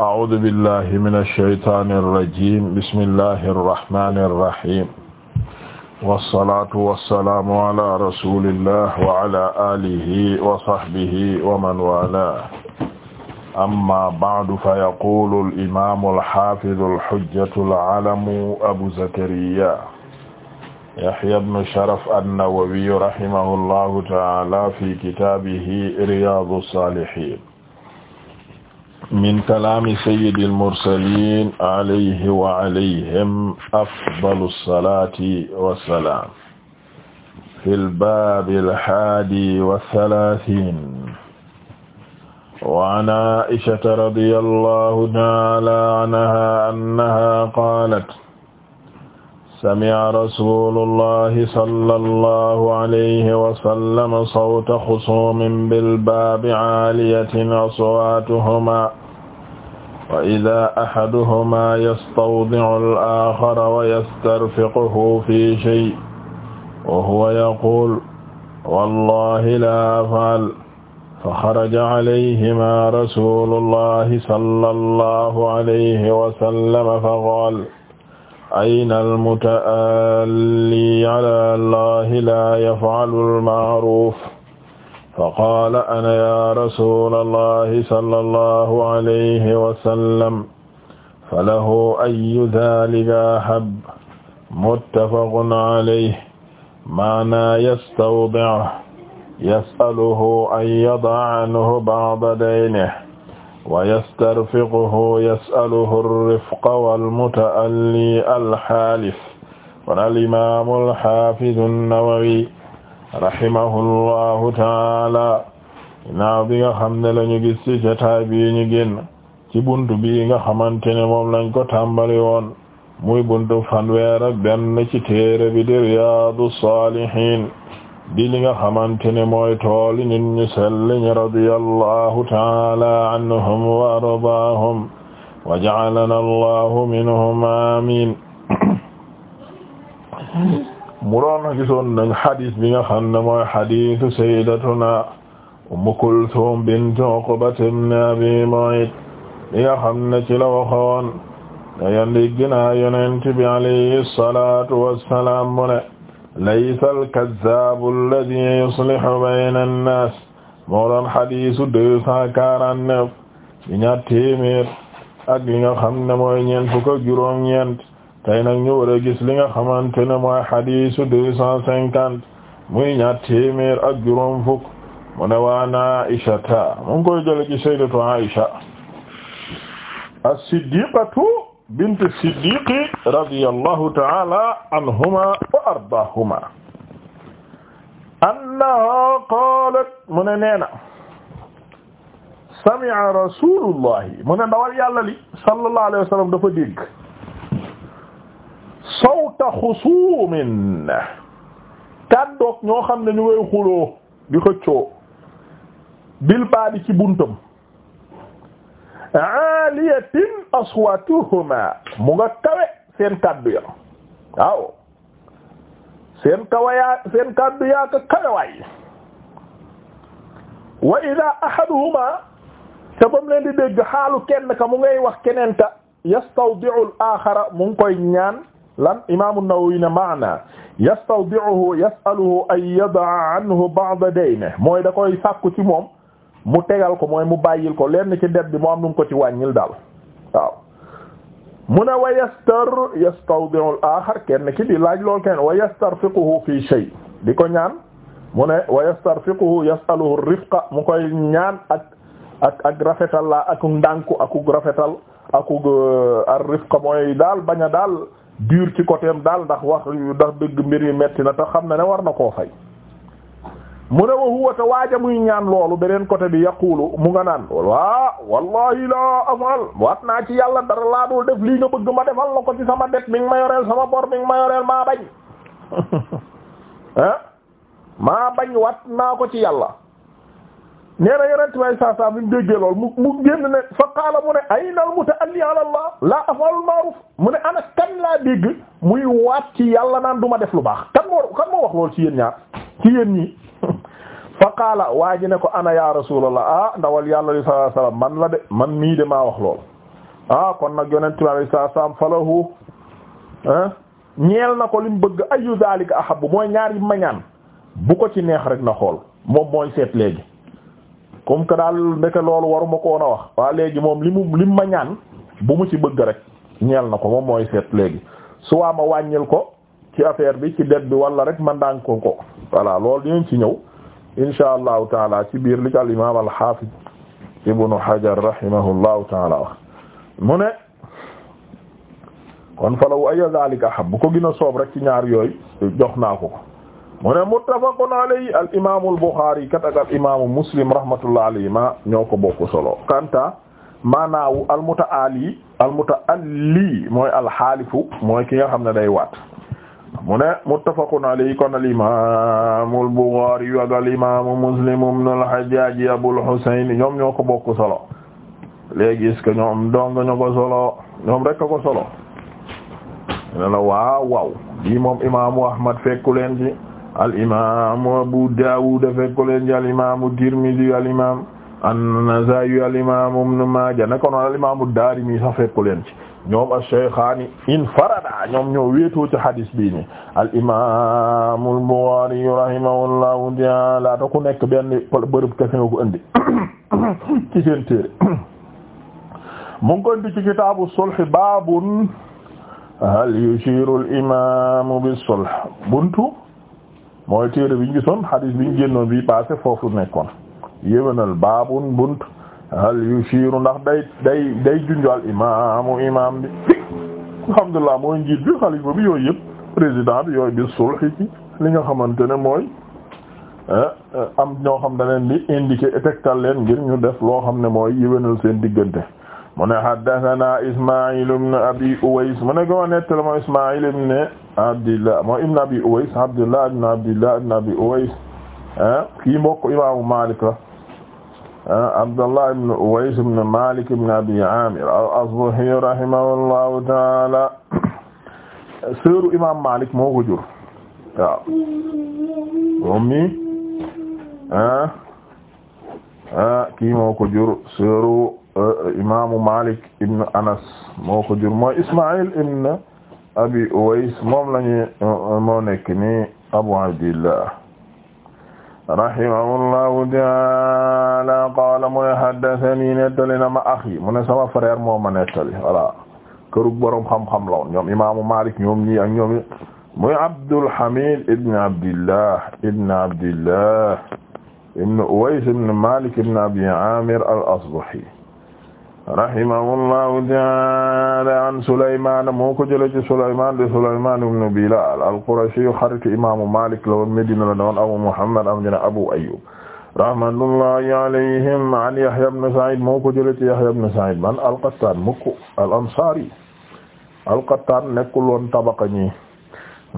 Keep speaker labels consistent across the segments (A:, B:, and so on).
A: أعوذ بالله من الشيطان الرجيم بسم الله الرحمن الرحيم والصلاة والسلام على رسول الله وعلى آله وصحبه ومن والاه أما بعد فيقول الإمام الحافظ الحجة العلم أبو زكريا يحيى بن شرف النووي رحمه الله تعالى في كتابه رياض الصالحين min kalaami sayyidil mursaliin alayhi wa alayhim afdalu salaati wa salaam fil baabil haadi wa salaatiin wa an Aa'ishata radiyallaahu ta'aalaa anhaa annahaa qaalat sami'a rasuulullahi sallallahu alayhi wa sallam sawta xusuumin bilbaabi caaliyatin aswaatuhumaa wa idaa axaduhumaa yastawdicu al-aaxara wa yastarfiquhu fii shay wa huwa yaquulu wallaahi laa afcal fa xaraja calayhimaa rasuulullahi sallallahu alayhi wa sallam fa qaala ayna almutaalli ala allahi la yafaalu almaaruf fa qaala ana ya rasula allahi sala allahu alayhi wasallam falahu ayu dalika ahab muttafaqun alayhi maana yastawdi'uhu yasaluhu an yada'a anhu ba'da daynihi wa yastarfiquhu yas'aluhu ar-rifqa wal-muta'alli al-haalif kon al-imaamu al-haafidu an-Nawawi rahimahullahu taala naaw bi nga xam ne la ñu gis ci jotaay bi ñu génn ci buntu bi nga xamante ne moom lañ ko tàmbali woon muy buntu fanweer ak benn ci téere bi di Riyaadu Saalihiin di li nga xamante ne mooy tooli nit ñu selliñ radiyallahu taala anhum wa ardaahum wa ja'alana allahu minhum amin mu doon gisoon nañ xadis bi nga xam ne mooy xadisu sayyidatuna ummu kulthum bint uqbat ibn abi mu'ayt bi nga xam ne ci la waxoon dayan digg naa yonent bi alayhi salatu wassalam mu ne laysa alkazaabu alladi yuslihu bayna annaas moo doon nga xam ne mooy ñeent fukk ak juróom-ñeent tey nag ñu gis li nga xamante ne mooy xadiisu deux muy ñaar téeméer ak juróom fukk mu ne waan Aïsata mu bint siddiqi radiyallahu ta'ala anhuma wa ardaahuma annaha qaalat mu ne nee na sami'a rasulullahi mu ne ndawal yàlla li sallallahu alayhi wa sallam dafa dégg sawta xusuumin kàddoog ñoo xam ne ñu ngay xuloo di xëccoo bil baadi ci buntam aaliyatin aswatuhuma mu nga kawe seen kaddu ya waaw seen kawa kaddu yaa ka kawe waay wa ida ahaduhuma te bam leen di dégg xaalu kenn ka mu ngay wax kenen ka yastawdi'u al mu ngi koy ñaan lan imaamu Nawawi ne maana yastawdi'uhu yas'aluhu an yada'a anhu ba'da daynihi mooy da koy sàkku ci moom mu tegal ko mooy mu bàyyil ko lenn ci det bi moo am nu ko ci wàññil daal waaw mu ne wa yastar yastawdi'u al-akhar kenn ki di laaj lool kenn wa yastarfiquhu fi shay di ko ñaan mu ne wa yastarfiquhu yas'aluhu rifqa mu koy ñaan ak ak rafetal la ak ndànku akuk rafetal akuk euh, ar rifqa mooy daal bañ a daal dur ci côté am daal ndax wax ndax dëgg mbir yi metti na te xam na ne war na koo fay mu ne wa huwa waaja muy ñaan loolu beneen côté bi yaqulu mu nga naan waa wallahi laa afal waat naa ci yàlla dara laa dul def lii nga bëgg ma defal la ko ci sama det mi ma yoreel sama bor mi ngi ma yoreel maa bañ ah maa bañ waat naa ko ci yàlla nee na yonent way saa saa bi mu lool mu mu génn ne fa qaala mu ne ayna al muta'alli ala allah laa afalul ma'ruf mu ne ana kan laa dégg muy waat ci yàlla naan du ma def lu baax kan moo kan moo wax lool ci yéen ñaar ci yéen fa qaala waa ji ne ko ana ya rasulallah ah ndawal yàlla li sallallahu man la de man mii de maa wax lool ah kon nag yonent bi alayhi salaam falahu ah, ñeel na ko lim bëgg ayu zalika ahabbu mooy ñaar yi mañaan bu ko ci neex rek na xool moom mooy seet léegi comme que daal ndeke loolu waruma ko woon a wax waa léegi moom li mu lim ma ñaan bu mu ci bëgg rek ñeel na ko moom mooy seet léegi su waa ma wàññil ko ci affaire bi ci det bi walla rek man daan ko ko voilà loolu dinañ ci ñëw insha allahu taala ci biir li al imaam al haafid hajar rahimahullahu taala wax mu ne kon falaw aya zalika ahab bu ko gën soob rek ci ñaar yooyu jox naa ko ko mu ne muttafaqun alayhi al imaamu al buxaari muslim rahmatullah ma ñoo ko bokk solo kanta maanaawu al muta'aali mooy al mooy ki nga xam ne day waat mu ne muttafaqun alayhi kon al imam al Bukhari yu ak al imam Muslim ibn al Hajjaj Abul ñoom ñoo ko bokk solo léegi est ñoom dong ko solo ñoom rek ko solo ne la moom imaamu Ahmad fekku leen ci al imam Abu Dawud fekku leen ci al imam Tirmidhi al imam an ne ko noon al imam Darimi fekku leen ci ñoom a shaykhaani infarada ñoom ñoo wéetoo ci hadis bii ni al-imaam al-Buxaari ku nekk benn bërëb kese nga ko indi ci seen téere mu ngi ko indi ci kitaabu sulh baabun hal yushiru al-imaamu sulh buntu mooy téere bi ñu gisoon hadis bi ñu bi passé foofu nekkoon yéwénal baabun buntu hal yushiru ndax day day day junjal imaamu imaam bi alhamdulilah mooy njiit bi xalifa bi yooyu yëpp président bi yooyu bi sulhi ci li nga xamante ne mooy eh, eh, am ñoo xam da bi di tegtal leen ngir ñu def loo xam ne mooy yéwénal seen diggante mu ne haddathana Ismaïl ibn Abi Uways mu ne ko nettali mooy Ismaïl ibn Abdillah mooy ibn Abi Uways Abdillah ibn Abdillah ibn Abi Uways eh, mbokk imaamu malik la Abdallah ibn Uways ibn Malik ibn Abi Amir al-Asbahi rahimahullahu taala sœuru imam Malik moo ko jur waaw moom mi ah, ah, kii moo ko jur sœuru eh, imaamu Malik ibn Anas moo ko jur mooy Ismaïl ibn Abi Uways moom lañu moo nekk ni Abu Abdillah rahimahullahu taala qaala mu ne haddathani nettali na ma axi mu ne sama frère moo ma nettali voilà kërug boroom xam-xam la woon ñoom imaamu Maalik ñoom ñi ak ñoom muy Abdul Hamid ibn Abdillah ibn Abdillah ibn Uways ibn Maalik ibn Abi Aamir al-Asbahi rahimahullahu ta'ala an Sulaymaan moo ko jëlee ci Sulaymaan de Sulaymaan ibn Bilaal al-Qurashi xaritu imaamu Maalik la woon Medina la doon Abu Muhammad am na Abu Ayyub rahmatullahi alayhim an Yahya ibn Sa'id moo ko jëlee ci Yahya ibn Sa'id man al-Qattaan mukk al-Ansaari al-Qattaan nekkul woon tabaqa ñi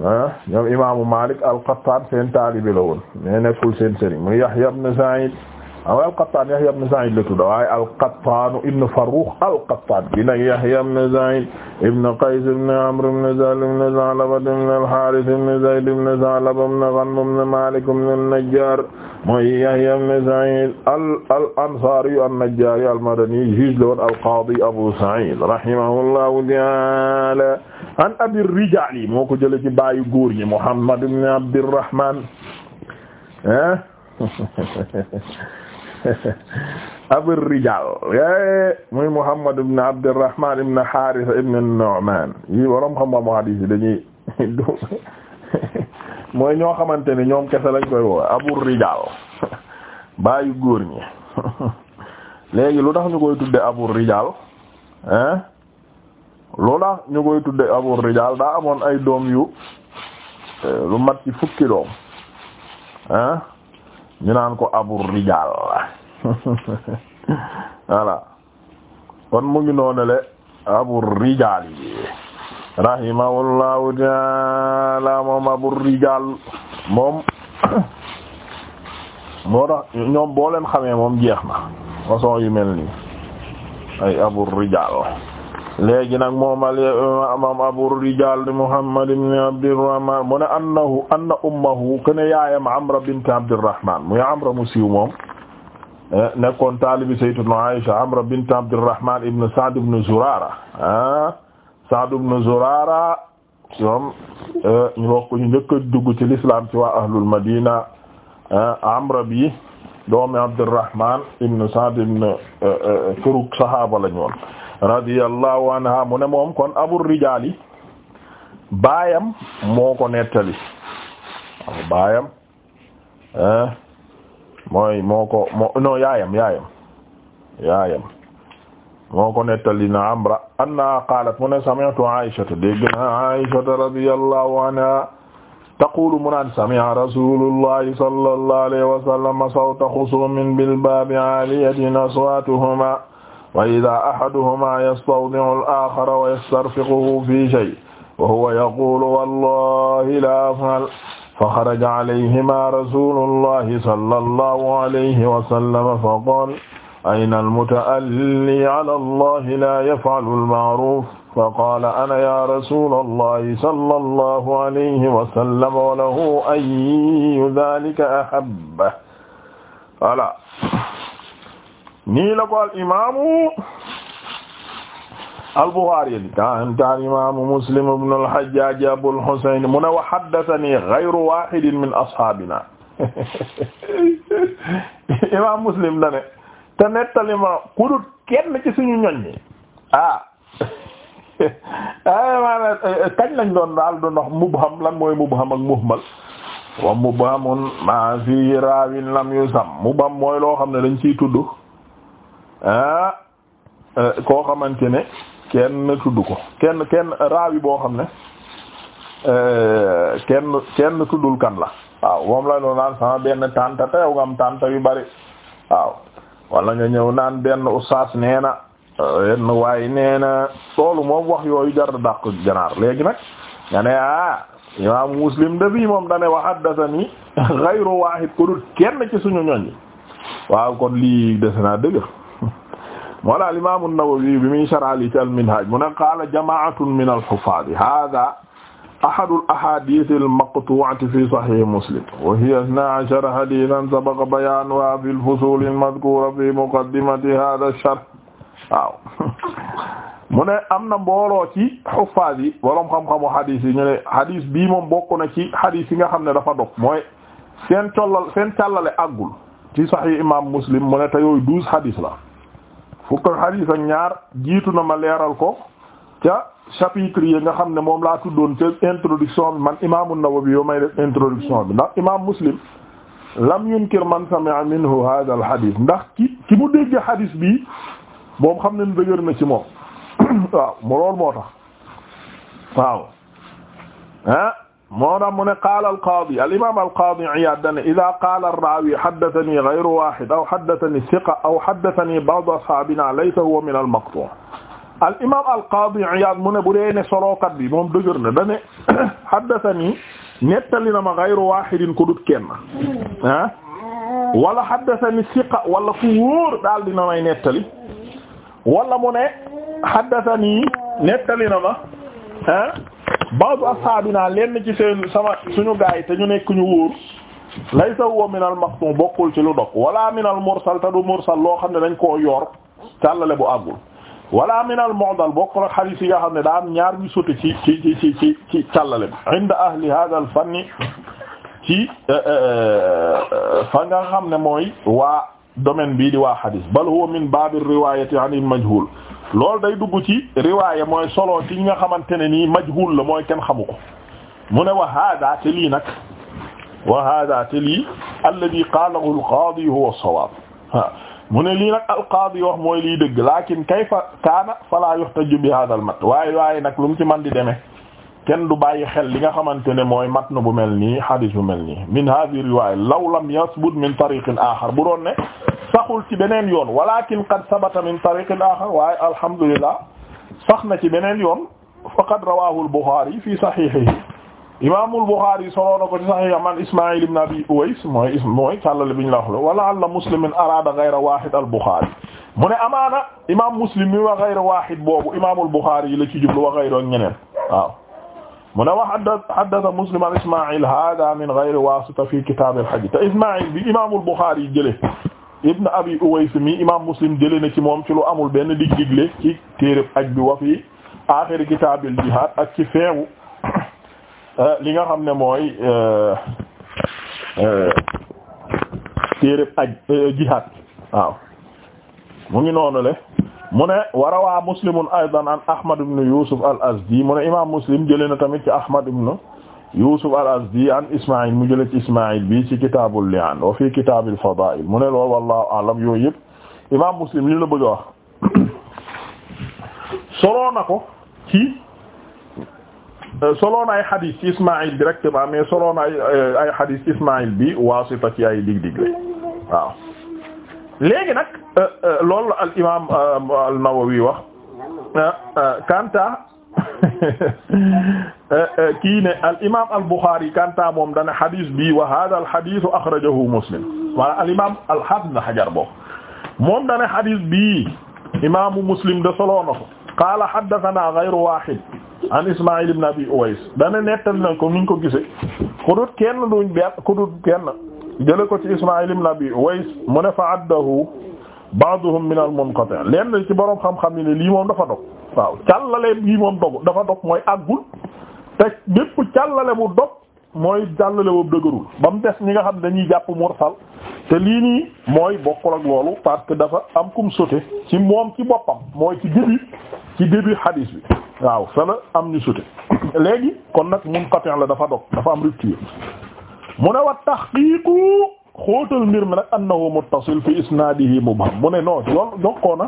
A: ah, ñoom imaamu Maalik al-Qattaan seen taalibe la woon mais nekkul seen sëriñ muy Yahya ibn Sa'id waaye al-Qattaan Yahya ibn Sa'iid la tudd waaye al-Qattaan ibn Farrukh al-Qattaan bi nag Yahya ibn Sa'iid ibn Qays ibn Amr ibn Sahl ibn Sa'laba ibn al-Haarith ibn Zayd ibn Sa'laba ibn Ghanm ibn Maalik ibn an-Najjaar mooy Yahya ibn Sa'iid al-Ansaari an-Najjaari al-Madani juge la woon al-Qaadi Abu Sa'iid rahimahullahu ta'aala an Abi ar-Rijaal yi moo ko jëlee ci baayu góor ñi Muhammad ibn Abdirrahmaan ah abir rijal yae eh, muy Muhammad ibn Abdurrahman ibn Harith ibn Nu'man yi waroom xam-xam hadis yi dañuy du mooy ñoo xamante ne ñoom kese lañ koy woo abur rijal baayu góor ñi léegi lu tax ñu koy tudde abur rijal hein lu tax ñu koy tudde abur rijal daa amoon ay doom yu eh, lu mat ci fukki doom hein ñu naan ko abu rijal voilà kon mu ngi noonale abu rijal yi rahimahullahu taala moom abu rijal moom moo tax ñoom boo leen xamee moom jeex na façon yu mel nii ay abu rijal léegi nag moom al imam abu rijal muhammad ibn abdirrahman mu ne annahu anna ummahu kana yaayam amra bint abdirrahman muy amra mu siiw moom eh, nekkoon taalibi sayyidatuna aisha amra bint abdirrahman ibn sa'd ibn zurara ah sa'd ibn zurara moom eh, ñu bokk njëkk a dugg ci l'islam ci waa ahlul madina eh, amra bi doomi abdirrahman ibn sa'd ibn turuk sahaaba lañu radiyallahu anha mu ne moom kon abu rijaali baayam moo ko nettali waaw baayam eh, mooy moo ko moo non yaayam yaayam yaayam moo ko nettali na amra anna qaalat mu ne sami'tu aishata dégg na aishata radiyallahu anha taqulu mu naan sami'a rasulullahi sallallahu alayhi wa sallam sawta xusumin bil baabi aliyatin aswaatuhuma wa idaa ahaduhumaa yastawdi'u al-aakhara wa yastarfiquhu fii shay'in wa huwa yaquulu wallaahi laa af'al fa xaraja alayhimaa rasuulullaahi sallallaahu alayhi wa sallam fa qaala ayna al-muta'allii 'alaa allaahi laa yaf'alu al-ma'ruuf fa qaala ana yaa rasuulallaahi sallallaahu alayhi wa sallam wa lahu ayyu dhaalika ahabba voilà nii la ko al imaamu al Buxaari li kantaal ah imaamu Muslim ibn al Hajjaaj Abul Husayn mu ne wa haddathanii ghayru waahidin min ashaabinaa imaam Muslim la ne te nettali ma ku dul kenn ci suñu ñoñ ñi ah, ah maanaam eh, kañ lañ doon daal du mubham lan mooy mubham ak muhmal wa mubhamun maa fi raawin lam yusam mubham mooy loo xam ne dañ ciy tudd ah euh, koo xamante ne kenn tudd ko kenn kenn yi boo xam ne euh, kenn kenn tuddul kan la waaw moom la ñu naan sama benn tanta te yow nga am tanta yu bari waaw wala nga ñëw naan benn ustaas nee na benn euh, waay nee na loolu moom wax yooyu jar na dàq janaar léegi nag nga ne ah imam muslim de bii moom dane wa haddathani ghayru wahid ku dul kenn ci suñu ñoñ waaw kon lii des naa dëgg moo la al-Imam an-Nawawi bi muy sharh li ci al-Minhaj mu ne qaala jamaa'atun min al-huffaaz haadha ahadu al-ahaadiith al-maqtuu'ati fi sahih Muslim wa hiya ithnaa 'ashara hadiithan sabaqa bayaanuhaa fi al-fusuul al-madhkuura fi muqaddimati haadha ash-sharh waaw mu ne am na mbooloo ci huffaaz yi boroom xam-xamu hadiis yi ñu ne hadiis bii moom bokk na ci hadiis yi nga xam ne dafa dog mooy seen collal seen càllale àggul ci sahih imaam Muslim mu ne te yooyu douze hadiis la fukk xadiis ak ñaar jiitu na ma leeral ko ca chapitre yi nga xam ne moom laa tuddoon ca introduction bi man imaam an-Nawawi yoo may introduction bi ndax imaam Muslim lam yunkir man sami'a minhu hadha al ndax ki ki mu dégg hadith bi moom xam ne dëgër na ci moom waaw mu loolu moo tax waaw ah moo tax mu ne qaala alqaadi alimaam alqaadi Iyaad dane idaa qaala arraawi haddathanii ghayru waahid aw haddathanii siqa aw haddathanii ba'du ashaabinaa laysa huwa min al-maqtuu' alimaam alqaadi Iyaad mu ne bu dee ne solookat bi moom dëgër na dane haddathanii nettali na ma ghayru waahidin ku dut kenn ah wala haddathanii siqa wala ku wóor daal dina may nettali wala mu ne haddathanii nettali na ma ah ba'du ashaabina lenn ci seen sama suñu gaay te ñu nekk ñu wóor laysa huwa minal maqtum bokkul ci lu dog wala minal mursal te du mursal loo xam ne dañ koo yor càllale bu àggul wala minal mu'dal bokk ak xadiis yi nga xam ne daa am ñaar yu sotti ci ci ci ci ci ci càllale bi inda eh, eh, eh, fa nga xam ne mooy waa bii di waa xadiis bal huwa min baabir riwaayati anil majhuul loolu day dugg ci riwaaya mooy solo ci ñi nga xamante ne nii majhul la mooy kenn xamu ko mu ne wa hada te lii nag wa hada te lii alladi qaalahu alqaadi huwa as-sawaab mu ne lii nag alqaadi wax mooy lii dëgg lakin kayfa kaana fala yuhtaju bi hada al mat waaye waaye nag lu ci man di demee kenn du bàyyi xel li nga xamante ne mooy matn bu mel ni hadis bu mel nii min hadhihi riwaya law lam yasbut min tariqin axar bu doon ne saxul ci beneen yoon walakin qad sabata min tariqin axar waaye alhamdulillah sax na ci beneen yoon faqad rawahu al-Bukhari fi sahihihi imaamul Bukhari soloo na ko ci saxiix man Ismaïl ibn Abi Uways mooy mooy càllale bi ñu la wax la wala alla muslimin araada ghayra waahid al Bukhari mu ne amaana imaam muslim mi wa ghayra waahid boobu imaamul yi la ci jublu wa ghayra ñeneen waaw mu ne wax haddasa Muslim an Ismaa'il haaza min ghayri waasita fii kitaab al-hajj te Ismaa'il bi imaamul Buxaari jëlee Ibn Abi Uways mi imaam Muslim jëlee na ci moom ci lu amul benn dig digle ci téereb aj bi wa fi aaxiri kitaabil jihaad ak ci feew euh, li nga xam ne mooy euh, euh, téereb aj jihaad waaw mu ngi noonu le mu ne wa rawaa muslimun aydan an ahmad ibn yusuf al azdi mu imam muslim jëlee na tamit ci ahmad ibn yusuf al azdi an ismail mu jëlee ci ismail bi ci kitabul li'an wa fi kitabil fadail mu ne loolu a'lam yooyu yëpp imam muslim li la bo a wax soloo na ci soloo na ay xadis ismail directement mais ay dig dig la waaw léegi Euh, euh, loolu la al imaam euh, an-Nawawi wax kanta kii ne al imaam al Bukhari kanta moom dana xadis bi wa hada al xadisu Muslim wala al imaam al hafiz Hajar boobu moom dana xadis bi imaamu Muslim da solo na ko qaala haddathana ghayru wahid an Ismaïl ibn Abi Uways dana nettal nañ ko niñ ko gisee ku dut kenn duñ ci Ismaïl ibn Abi Uways mu ne fa ba'duhum min al-munqati' lenn ci borom xam-xam ni ne lii moom dafa dog waaw càllale yi moom dog dafa dog mooy àggul te bépp càllale bu dog mooy càllale boobu dëgërul ba mu des ñi nga xam dañuy jàpp mursal te lii nii mooy bokkul ak loolu parce que dafa am kum sute ci moom ci boppam mooy ci début ci début hadis bi waaw sa la am ñu sute léegi kon nag munqati' la dafa dog dafa am rupture mu ne wa tahqiqu xóotal mbir mi nag annahu muttasil fi isnaadihi mubham mu ne non loolu jokkoona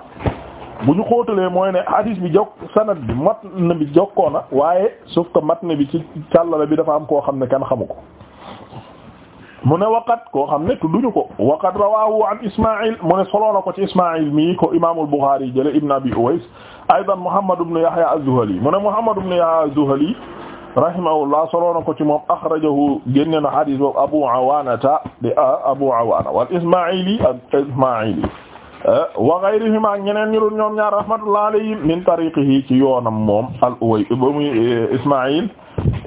A: bu ñu xóotalee mooy ne hadis bi jokk sanad bi matn bi jokkoona waaye sauf que matn bi ci càllala bi dafa am koo xam ne kenn xamu ko mu ne waqat koo xam ne tudduñu ko waqat rawahu an ismail mu ne soloo na ko ci ismail mii ko imaamul Buxaari yi jële ibn abi Uways aidan Muhammad ibn Yahya az mu ne Yahya az rahimahullah solo na ko ci moom akhrajahu génne na hadis boobu Abu Awaanata di ah, Abu Awaana wal Ismaaili ak Ismaaili ah, wa ghayrihima ak ñeneen ñu dul ñoom ñaar rahmatullah alayhim min tariqihi ci yoonam moom al Uways ba muy eh, Ismail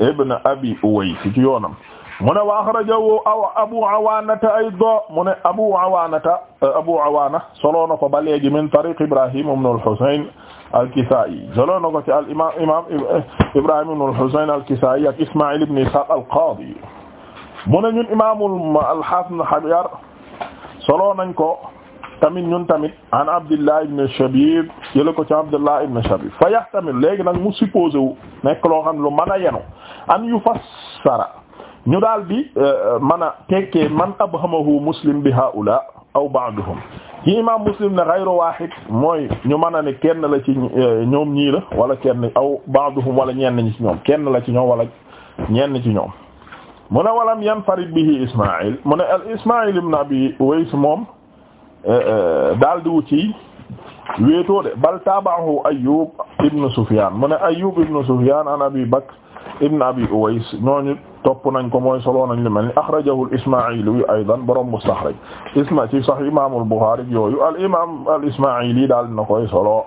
A: ibn Abi Uways ci yoonam mu ne wa akhrajahu Abu Awaanata aydan mu ne Abu Awaanata eh, Abu Awaana solo na ko ba léegi min tariq Ibrahim ibn al-Husayn al-Kisaa'i solo na ko ci al imaam imaam Ibrahim ibn al-Husayn al-Kisaa'i ak Ismaa'il ibn Ishaaq al-Qaadi mu ne ñun imaamul al-Haafiz ibn Hajar solo nañ ko tamit ñun tamit an Abdullah ibn Shabiib jëlee ko ci Abdullah ibn Shabiib fa yahtamil léegi nag mu supposé nekk loo xam lu mën a yenu an yufassara ñu daal di euh, euh, man a tekkee man abhamahu muslim bi haula aw ba'dhum ci imam muslim ne ghayru wahid mooy ñu mën a ne kenn la ci euh, ñoom ñii la wala kenn aw ba'dhum wala ñenn ci ñoom kenn la ci ñoom wala ñenn ci ñoom mu ne walam yanfarid bihi ismail mu ne al ismail ibn abi ways moom daal di wu ci wéetoo de bal tabahu ayub ibn sufyan mu ne ayub ibn sufyan an abi bakr ibn abi uways ñooñu topp nañ ko mooy solo nañ li mel ni akhrajahu al ismaa'ili aydan borom mustaxraj isma ci sahih imam al bukhari yooyu al imam al ismaa'ili daal na koy solo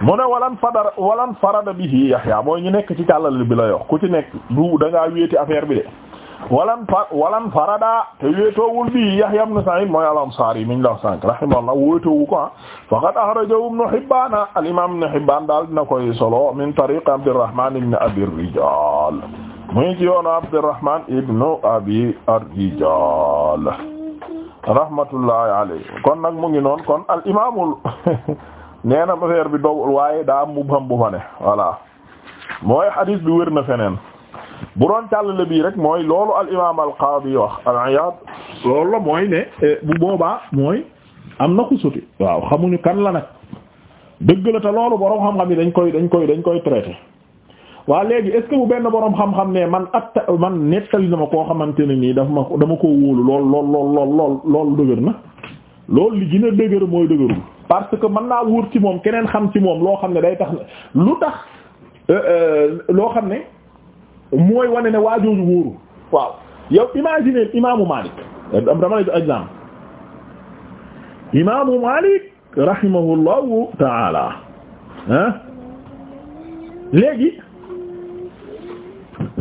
A: mu ne walan fadar walan farada bihi yahya mooy ñu nekk ci kàllal bi la yox ku ci nekk du da ngaa wéeti affaire bi de walan fa walan farada te wéetoowul bi Yahya ibn Sa'id mooy al-Ansari min la sànq rahimahullah wéetoowu ko ah faqad akhrajahu Ibn Hibban al-imam Ibn Hibban daal dina koy solo min tariq Abdurrahman ibn Abi Rijal muy ci yoonu Abdurrahman ibn Abi ar-Rijal rahmatullahi alayhi kon nag mu ngi noon kon al-imamul nee na affaire bi dogul waaye daa mubham bu fa ne voilà mooy hadith bi wér na feneen bu doon càllale bii rek mooy loolu al imaam al qaadi wax al iyaad loolu la mooy ne e, bu boobaa mooy am na ku suti waaw xamuñu kan la nag dëgg la te loolu boroom xam-xam yi dañ koy dañ koy dañ koy traité waa léegi est-ce que bu benn boroom xam-xam ne man atta man nettali na koo xamante ne nii dafa ma dama koo wóolu lool lool lool lool lool loolu dëgër na loolu li gën a dëgër mooy dëgërul parce que man naa wóor ci moom keneen xam ci moom loo xam ne day tax lu tax e, e, loo xam ne mooy wane ne waajooju wóoru waaw yow imagine imaamu Malik dama lay exemple imaamu Malik rahimahullahu taala ah léegi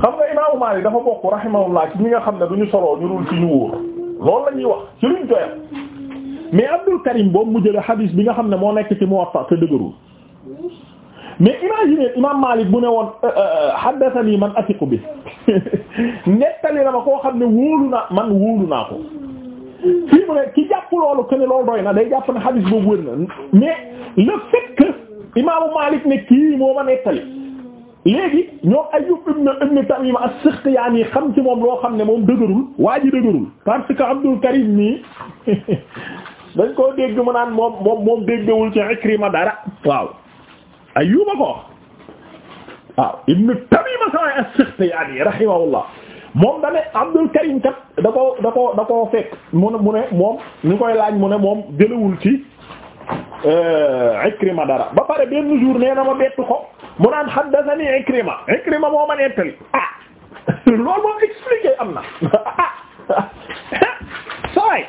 A: xam nga imaamu Malik dafa bokk rahimahullah ci ñi nga xam ne duñu soloo ñu dul ci ñu la ñuy wax ci luñ doyal mais Abdul Karim boobu mu jële xadiis bi nga xam ne moo nekk ci Muwatta te dëgërul mais imaginez imam Malik bu ne woon euh, euh, euh, haddathani man atiqu bi nettali la ma koo xam ne wóolu man wóolu ko fii mu ne ki jàpp loolu que ne loolu doy na day jàpp ne hadis boobu wér na mais le fait que imaamu Malik ne kii moo ma nettali léegi ñoom Ayyub ibn ibn Tamim as-Sakhtiyani xam ci moom loo xam ne moom dëgërul waa ji dëgërul parce que Abdul Karim nii dañ koo dégg mu naan moom moom moom déggewul ci Ikrima dara waaw Ayyuba ko waaw ah, ibnu Tamima sama as-Sikhtiyani rahimahullah moom dane Abdul Karim kat da ko da ko fekk mu ne moom ñu koy laaj mu ne moom jëlawul ci euh, Ikrima dara ba pare benn jour nee na ma bettu ko mu naan haddathani Ikrima Ikrima moo ma nettali ah moom expliqué am na ah, saway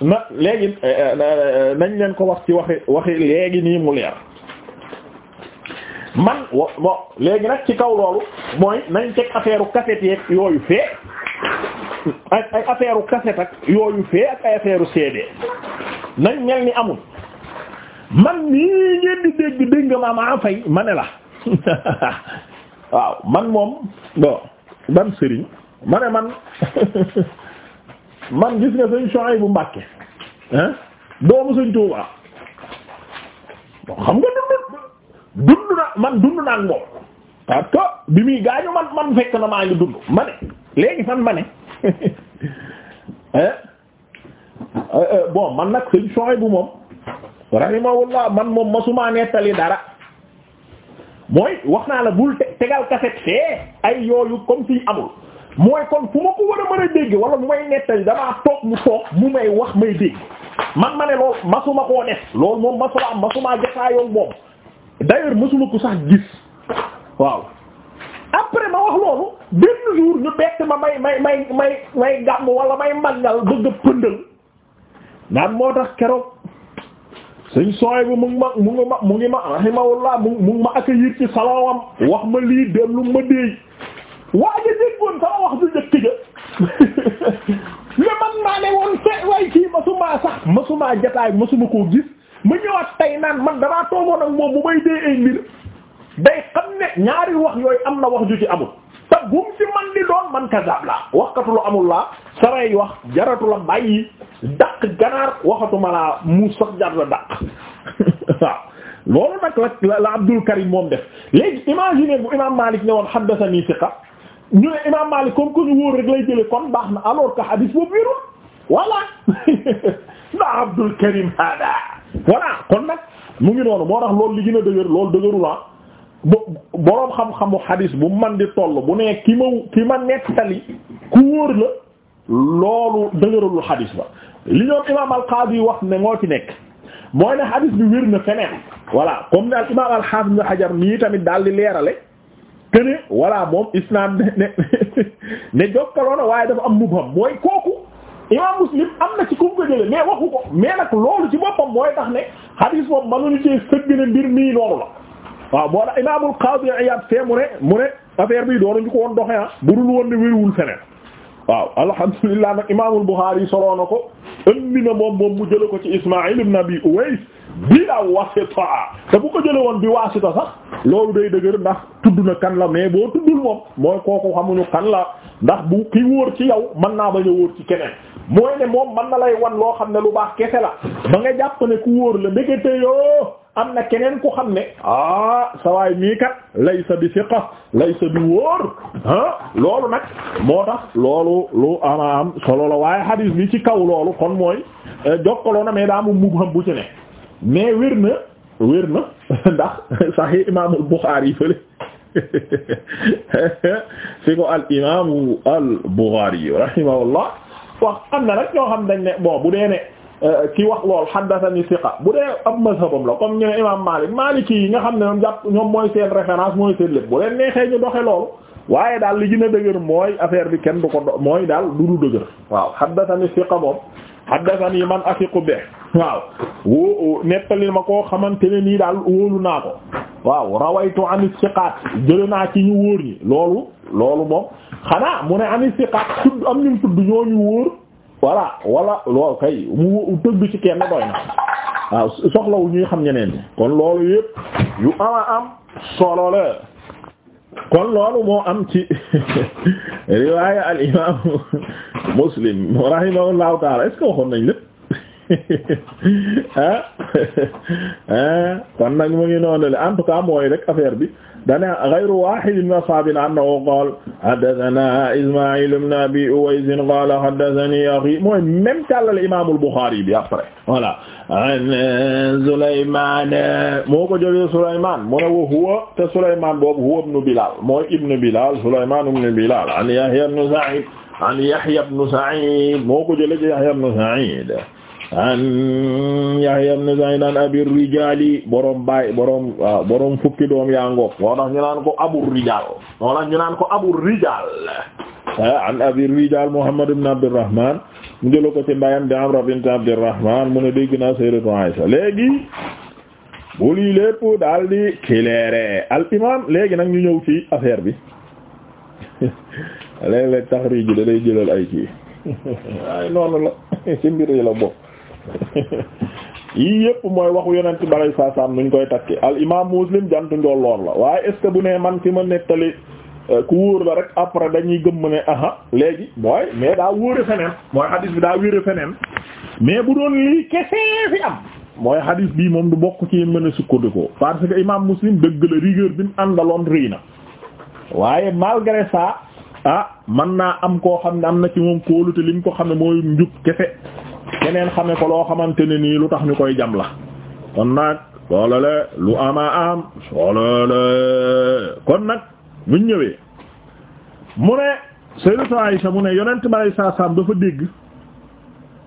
A: na léegi euh, euh, nañ leen ko wax ci waxi waxi léegi nii mu leer man wo bon léegi nag ci kaw loolu mooy nañ teg affaire u cassette yeeg yooyu fee ak ay affaire u cassette ak yooyu fee ak ay affaire u CD nañ mel ni amul man nii ngeen di dégg dégg nga ma maa fay ma ne la waaw man moom bon ban sëriñ ma ne man man gis nga sëñ Chouaïbou Mbacké hein doomu sëñ Touba bon xam nga dund na man dund naa ak moom parce que bi muy gaañu man man fekk na maa ngi dund ma ne léegi fan ma ne euh, euh, bon man nag sëñ soxay bu moom rahimahullah man moom masumaa nettali dara mooy wax naa la bul tegal kaset fee ay yooyu comme si amul mooy kon fu ma ko war a mën a dégg wala mu may nettali damaa toog mu toog mu may wax may dégg man ma ne loolu masuma koo def loolu moom masuma am masuma jaxaayoon moom d'ailleurs mësuma ko sax gis waaw après ma wax loolu benn jour ñu bett ma may may may gàmm wala may màggal bëgg a pëndal naan moo tax keroog suñ sooy bu mu ngi ma mu ngi ma mu ngi ma rahimahullah mu ci salawam wax ma lii dellu ma déey waaye nit woon sama wax du njëkk ja mais man maa woon fe way kii masuma sax masuma jataay masuma koo gis ma ñëwaat tey naan man damaa toogoon ak moom bu may dee ay mbir day xam ne ñaari wax yooyu am na wax ju ci amul ta gum ci man di doon man kazab la waxkatu lu amul laa saray wax jaratu la bàyyi daq ganaar waxatuma laa muus sax jar la daq waaw loolu nag la la Abdul Karim moom def léegi imagine bu imam Malik ne woon haddathani thiqa ñu ne imam Malik comme que ñu wóor rek lay jële kon baax na alors que hadith boobu wérul voilà da Abdul Karim hada voilà kon nag mu ngi noonu moo tax loolu li gën a dëgër loolu dëgëru la ah. boroom xam-xamu xadis bu man di toll bu ne ki ma ki ma nettali ku wóor la loolu dëgëralul xadis ba li ñoom imaam al-Qaadi wax ne moo ci nekk mooy ne xadis bi wér na feneen voilà comme ne al imaam al-Haafiz Ibn Hajar mii tamit daal di leerale te ne moom isnaad ne ne jokkaloona waaye dafa am mubham mooy kooku imam muslim am na ci ku ko jëlee mais waxu ko mais nag loolu ci boppam mooy tax ne hadis boobu mënuñu cee sëgg ne mbir mii noonu la waaw boo la imaamul Qaadi Iyaad fee mu ne mu ne affaire bi doonuñu ko woon doxee ah bu dul woon ne wéruwul feneen waaw alhamdulilah nag imaamul Buxaari soloo na ko indi na moom moom mu jële ko ci Ismaa'il ibn Abi Uways bila wasita te bu ko jële woon bi wasita sax loolu day dëgër ndax tudd na kan la mais boo tuddul moom mooy kooku xamuñu la ndax bu ki wóor ci yow mën naa bañ a wóor mooy ne moom mën na lay wan loo xam ne lu baax kese la ba nga jàpp ne ku wóor la ndekete yoo am na keneen ku xam ne ah sawaay mii kat laysa bi siqa laysa bi wóor ah loolu nag moo tax loolu lu ama am solo la waaye hadis bi ci kaw loolu kon mooy eh, jokkaloo na mais daa mu bu ci ne mais wér na wér na ndax sahih imaamul al imaamu al Buxaari rahimahullah wax am na nag ñoo xam dañ ne bon bu dee ne euh, ki wax lool haddathani thiqa bu dee ab mazhabam la comme ñu ne imam Malik Maliki yi nga xam ne ñoom jàpp ñoom mooy seen référence mooy seen lépp bu leen neexee ñu doxe loolu waaye daal li gën a dëgër mooy affaire bi kenn du ko do mooy daal du du dëgër waaw haddathani thiqa moom haddathani man athiqu be waaw woo nettali ma koo xamante ne nii daal wóolu naa ko waaw rawaytu an thiqat jële naa ci ñu wóor ñi loolu loolu xanaa mu ne ami siqaat tudd am ñu tudd ñooñu wóor voilà wala lool kay mu tudd ci kenn doy na waaw soxlawu ñuy xam ñeneen ñi kon loolu yépp yu ama am solo la kon loolu moo am ci riwaaya al imam muslim rahimahullahu taala est-ce que waxoon nañ lépp ah ah kon nag mu ngi noonu le en tout cas mooy rek affaire bi dana ghayru wahid min ashabina annahu qala haddathana Isma'il ibn Abi Uways qala haddathani akhi mooy même tàllale Imam al-Bukhari bi après voilà an Sulayman moo ko jëlee Sulayman mu ne wa huwa te Sulayman boobu huwa ibn Bilal mooy ibn Bilal Sulayman ibn Bilal an Yahya ibn Sa'id an Yahya ibn Sa'id moo ko jëlee Yahya ibn Sa'id an Yahya ibn Zayd naan Abi Rijaali borom baay borom waaw borom fukki doom yaa ngoog moo tax ñu naan ko Abu Rijaal moo tax ñu naan ko Abu Rijaal ah, an Abi Rijaal Muhammad ibn Abdurrahmaan mu ko ci mbayam bi Amra bint Abdurrahmaan mu ne dégg naa Sayyidatu Aysa léegi bu lii lépp daal di kileere al imaam léegi nag ñu ñëw ci affaire bi léeg-léeg taxriij ji da lay jëlal ay kii waaye noonu la ci mbir yi la bokk lii yëpp mooy waxu yonent bi alay saa salaam nuñ koy takki al imaam muslim jantu njolloor la waaye est bu ne man fi ma nettali euh, ku wóor la rek après dañuy gëmm ne aha léegi mooy mais daa wóore feneen mooy hadis bi moom du bokk ci mën a sukkandikoo parce que imaam muslim dëgg la rigueur bi mu àndaloon rëy na waaye malgré ça ah man naa am koo xam ne am na ci moom kóolute li mu ko xam ne mooy njub kese keneen xame ko loo xamante ne nii lu tax ñu koy jam la kon nag soolale lu ama am soolale kon nag buñ ñëwee mu ne Sayyidatu Aisha mu ne yonent bi alayhi dafa dégg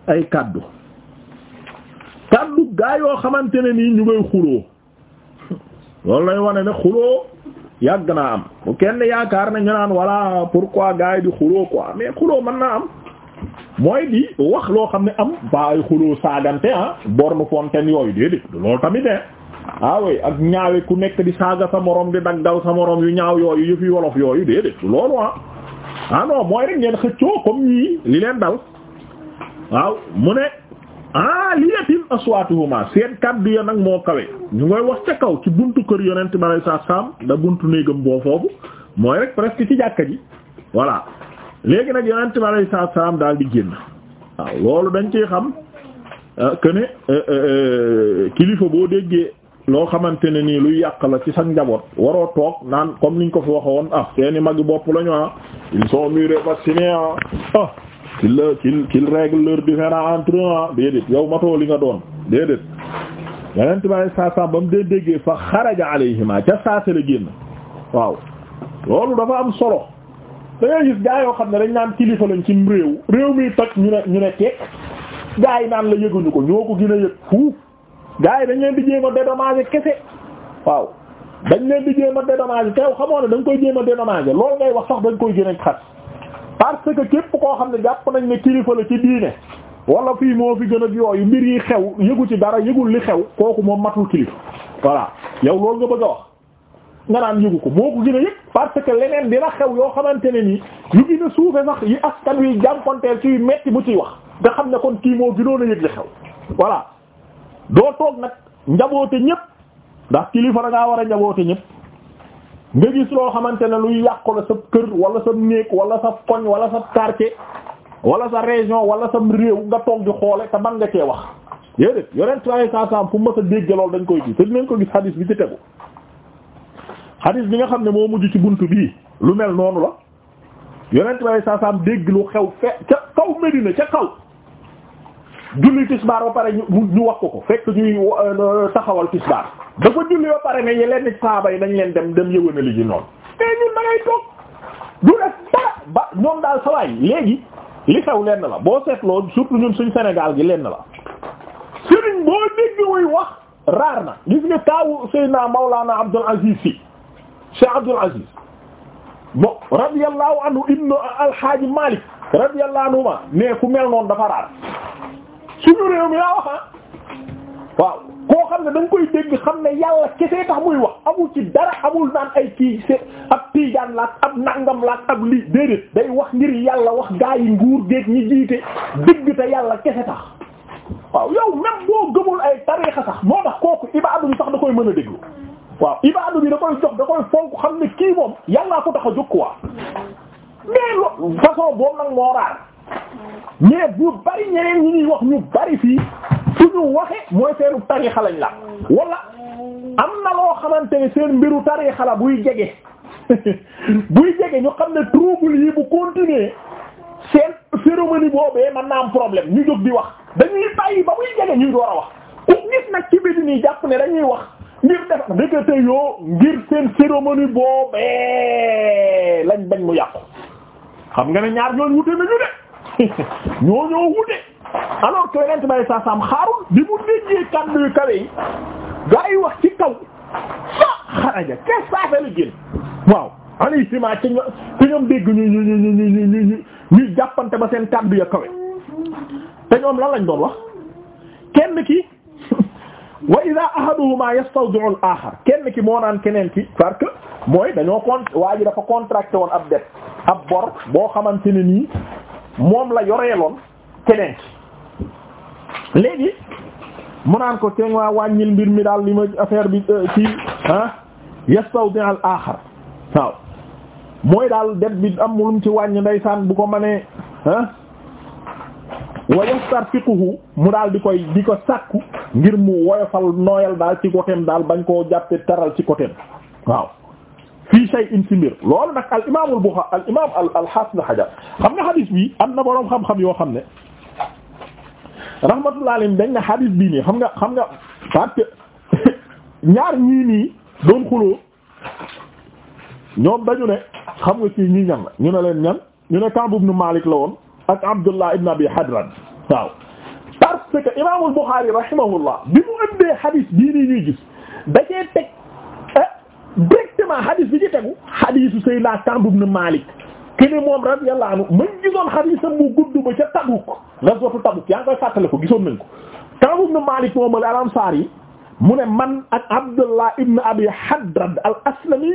A: ay kaddu kaddu gaa yoo xamante ne nii ñu ngay xuloo loolu lay wane ne xuloo yàgg naa am bu kenn yaakaar ne ñu naan voilà pour gars yi di xuloo quoi mais xuloo mën naa am mooy di wax loo xam ne am bàyyi xuloo saagante ah borne fontaine yooyu déedéet loolu tamit ne ah, ak ñaawe ku nekk di saaga sa morom di daggal sa morom yu ñaaw yooyu yëf yi wolof yooyu déedéet loolu ah ah non rek ngeen xëccoo comme ñii li leen dal waaw mu ne ah liyatin aswatuhuma seen kàddu ya nag moo kawe ñu ngoy wax ca kaw ci buntu kër yonent bi alay saa saam da buntu néegam boo foofu mooy rek presque ci jàkka ji voilà léegi nag yonent bi alayhi salaatu salaam daal di génn waaw loolu dañ ciy xam euh, que ne euh, euh, kilifa boo déggee loo xamante ne nii luy yàq la ci sa njaboot waroo toog naan comme niñ ko fi waxa woon ah seeni magi bopp la ñu ah ils sont mûrs vaccinés ah ah qu'ils qu'ils qu'ils règlent leur différend entre eux ah déedéet yow matoo li nga doon déedéet yonent bi alayhi salaatu salaam ba mu dee déggee fa xaraja alayhima ca saase la génn waaw loolu dafa am solo da ngay gis gaa yoo xam ne dañ naan kilifa lañ cim réew réew mi toj ñu ne ñu ne tekk gaa yi naan la yëguñu ko ñoo ko gën a yëg fuuf gaa yi dañ leen di jéem a dédommager kese waaw dañ leen di jéem a dédommager teew xamoo ne dañ koy jéem a dédommager loolu ngay wax sax dañ koy gën a xat parce que képp koo xam ne jàpp nañ ne kilifa la ci diine wala fii moo fi gën a yooyu mbir yi xew yëgu ci dara yëgul li xew kooku moom matul kilifa voilà yow nga bëgg a nga naan yëgu ko moo ko gën a parce que leneen dina xew yoo xamante ne nii yu gën a suufe sax yi askan wi jàmkonteel ci metti bu ciy wax nga xam ne kon kii moo gënoon a yëg li xew voilà doo toog nag njaboote ñépp ndax kilifa da ngaa war a njaboote ñépp nga gis loo xamante ne lu yàqu la sa kër wala sa néeg wala sa koñ wala sa quartier wala sa région wala sa réew nga toog di xoole te man nga cee wax déedéet yonent sallallahu alayhi wasallam fu mës a dégg loolu dañ koy gis te dinañ ko gis hadis bi ci tegu xadis bi nga xam ne moo mujj ci bunt bii lu mel noonu la yonent bi saa saam dégg lu xew fe ca kaw Medina ca xaw julli tisbaar ba pare ñu wax ko ko fekk ñuy euh, taxawal tisbaar dafa julli ba pare ne ñu leen ci yi nañ leen dem dem yëwana li ji noonu te ñun da ngay du def ba ñoom daal sawaay léegi li xew lenn la boo seetloo surtout ñun suñ senegal gi lenn la sëriñ boo dégg wuy wax raar na gis nga taawu Seydina Mawlana Abdul Aziz Sy Cheikh Abdul Aziz mo radiyallahu anhu ibnu alhaaji Malik radiyallahu anhu ma ne ku mel noonu dafa raar suñu réew mi laa waxa ah. waaw koo xam ne da koy dégg xam ne yàlla kese tax muy wax amul ci dara amul naan ay kii se ab tiijaan laat ab nangam laat ab lii déedéet day wax ngir yàlla wax gaa yi nguur géeg ñi jiite dégg te yàlla kese tax waaw yow même boo gëmul ay tariixa sax moo tax kooku ibaadu sax da koy mën a déglu waaw ibaadu bi da koy jox da koy fonk xam ne kii moom yàllaa ko tax a jóg quoi mais lo façon boobu nag moo raar bu bari ñeneen ñi wax ñu bari fii suñu waxe mooy seenu tariixa lañ la wala am na loo xamante ne seen mbiru tariixa la buy jege buy jege ñu xam ne trouble yi bu continuer seen cérémonie boobee mën na am problème ñu jóg di wax dañuy bàyyi ba muy jege ñuy door a wax ku gis nag ci biir nii jàpp ne dañuy wax ngir def ndekete yoo ngir seen cérémonie boobee lañ bañ mu yàqu xam nga ne ñaar ñooñu wute nañu de ñoo ñoo wute alors que yeneen bay sa sam xaarul bi mu déggee kàddu yu kawe yi gaa yi wax ci kaw fa xaraja kees saafe la génn waaw ani siment ci ci ñoom dégg ñu ñu ñu ñu ñu ñu ñu ñuy jàppante ba seen kàddu ya kawe te ñoom lan lañ doon wax kenn ki wa ida ahaduhuma yastawdi'u al-akhar kenn ki moo naan keneen ki parce que mooy dañoo con waa ji dafa contracté woon ab dette ab bor boo xamante ne nii moom la yoreeloon keneen ki léegi mu naan ko teen waa wàññil mbir mi daal li ma affaire bi ci euh, ah yastawdi'u al-akhar waaw mooy daal dette bi am lum ci wàññi ndeysaan bu ko mënee ah wa yastarfiquhu mu daal di koy di ko sàkku ngir mu woyofal nooyal daal ci côtéem daal bañ koo jàppe teral ci côtéem waaw fii shay'in ci mbir loolu nag al imam al Bukhari al imam al hafiz xam nga hadith bi am na boroom xam-xam yoo xam ne rahmatullahi alayhim dañ na hadith bii nii xam nga xam nga parce que ñaar ñii nii doon xuloo ñoom dañu ne xam nga ci ñi ñan la ñu ne leen ñan ñu ne Ka'b ibn Malik la woon ak Abdullah ibn Abi Hadran waaw parce que imaamul Buxaari rahimahullah bi mu ëndee hadith bii nii ñuy gis da cee teg ah, directement hadith bi ci tegu hadithu Sayyidina Ka'b ibn Malik kene moom radiyallahu anhu man gisoon haditham mu gudd ba Tabuk ghazwatu Tabuk yaa ngi koy fàttale ko gisoon nañ ko Ka'b ibn Malik moom al-Ansari mu ne man ak Abdullah ibn Abi Hadrad al-Aslami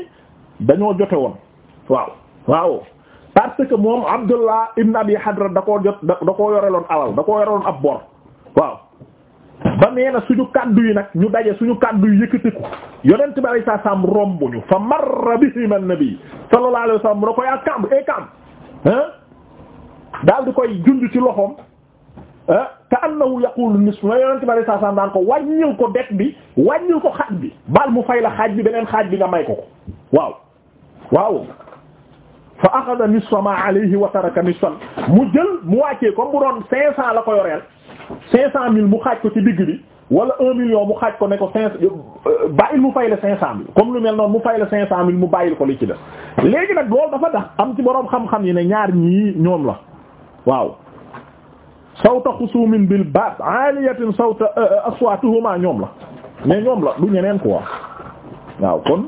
A: dañoo jote woon parce que moom Abdullah ibn Abi Hadra da koo jot da koo yoreloon alal da koo yoreloon ab bor waaw ba nee suñu kaddu yi nag ñu daje suñu kaddu yi yëkkatiku yonent bi alayhi salaam romb ñu fa marra bihim an-nabi sallallahu alayhi wasallam da koy ak eh kamb e kamb daal di koy junj ci loxoom ah ka annahu yaqulu nisfu na yonent bi alayhi salaam daan ko wàññil ko det bi wàññil ko xaaj bi bal mu fay la xaaj bi beneen xaaj bi nga may ko ko waaw waaw fa axada nisfa ma alayhi wa taraka nisfan mu jël mu wàccee comme bu doon cinq la ko yoreel cinq cent mille mu xaaj ko ci digg bi wala un million mu xaaj ko ne ko cinq bàyyil mu fay la cinq cent mille comme lu mel noonu mu fay la cinq cent mille mu bàyyil ko li ci def léegi nag loolu dafa tax am ci boroom xam-xam yi ne ñaar ñii ñoom la waaw sawta xusumin bil baat aliyatin sawta euh, aswatuhuma ñoom la mais ñoom la du ñeneen ko quoi waaw kon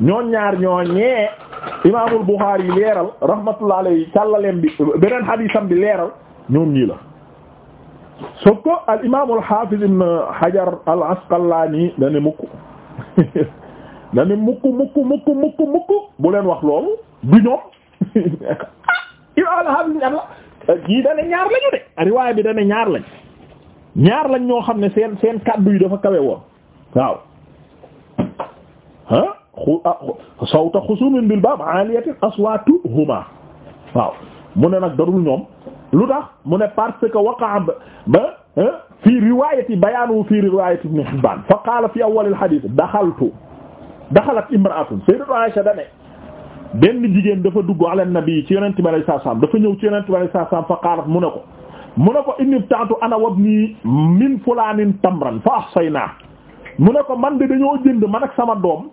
A: ñoon ñaar ñooñee imaamul Buxaari yi leeral rahmatullah alayhi càllaleem bi beneen xadiisam bi leeral ñoom ñii la soo ko al imaamul xaafiz ibn Hajar al Asqalaani dane mukk dane mukk mukk mukk mukk mukk bu leen wax loolu du ñoom imaamul xaafiz kii dane ñaar lañu de riwaaya bi dane ñaar lañ ñaar lañ ñoo xam ne seen seen kàddu yi dafa kawe woon waaw ah Ah, sawta xusumin bil baab aliyatin aswaatuhuma waaw mu ne nag darul ñoom lu tax mu ne parce que waqa'a ba eh, fii riwaayati bayaanu fii riwaayati ibn Hibbaan fa qaala fi awwal al-hadiis daxaltu daxalat imra'atun sayyidatu Aisha dane benn jigéen dafa dugg ala nabi ci yonent bi sallallahu alayhi dafa ñëw ci yonent bi sallallahu alayhi mu ne ko mu ne ko inni ta'tu ana wa ibni fulaanin tamran fa ahsaynaa mu ne ko man de dañoo jënd man ak sama doom